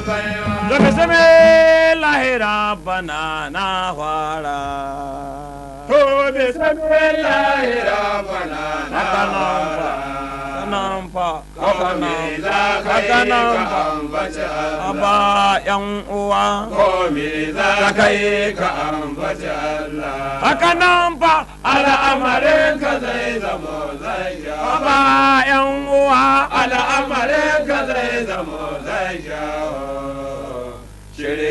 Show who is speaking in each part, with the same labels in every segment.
Speaker 1: Daga zame lahira bana na fara. To lahira bana na fara. ba yan uwa. Komi za ka ka ambaci Allah. Haka nan fa al'amarin ka zai zamo zai Ba yan uwa. Al'amarin ka zai zamo zai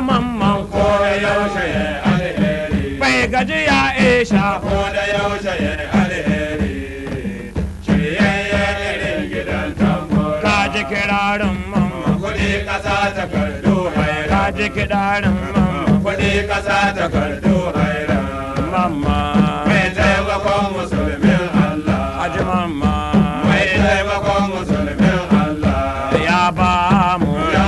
Speaker 1: mamman ko yaushe ya alheri bai gaji ya isha ko da yaushe ya alheri shiryayyen irin gidan tambura ka ji kirarin mamman kasa ta takardu haira ka ji kirarin mamman kuɗi kasa takardu haira mamma mai taimakon musulmin Allah aji mamma mai taimakon musulmin Allah ya ba mu ya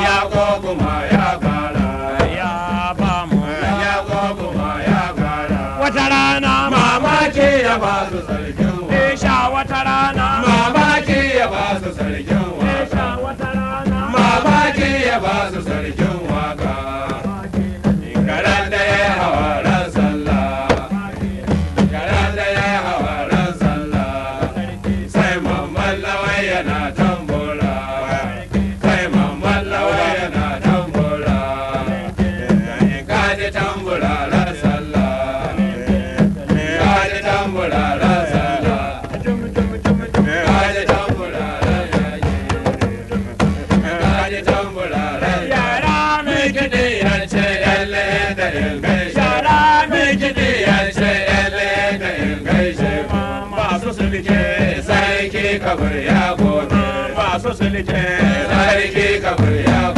Speaker 1: mama ce ya ba su sarkin wa sha wata rana mama ce ya ba su sarkin wa sha wata rana mama ce ya ba su sarkin sulke sarki kabir ya gobe masu sulke sarki kabir ya gobe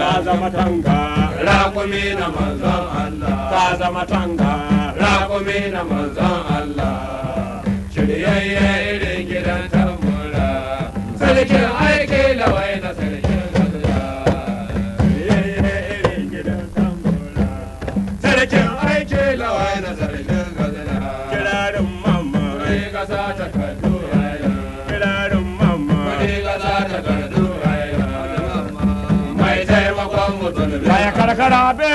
Speaker 1: ta zama tanga raƙumi na manzon Allah ta zama tanga raƙumi na manzon Allah shiryayye irin gidan tambura
Speaker 2: sarkin aiki lawai
Speaker 1: jarabe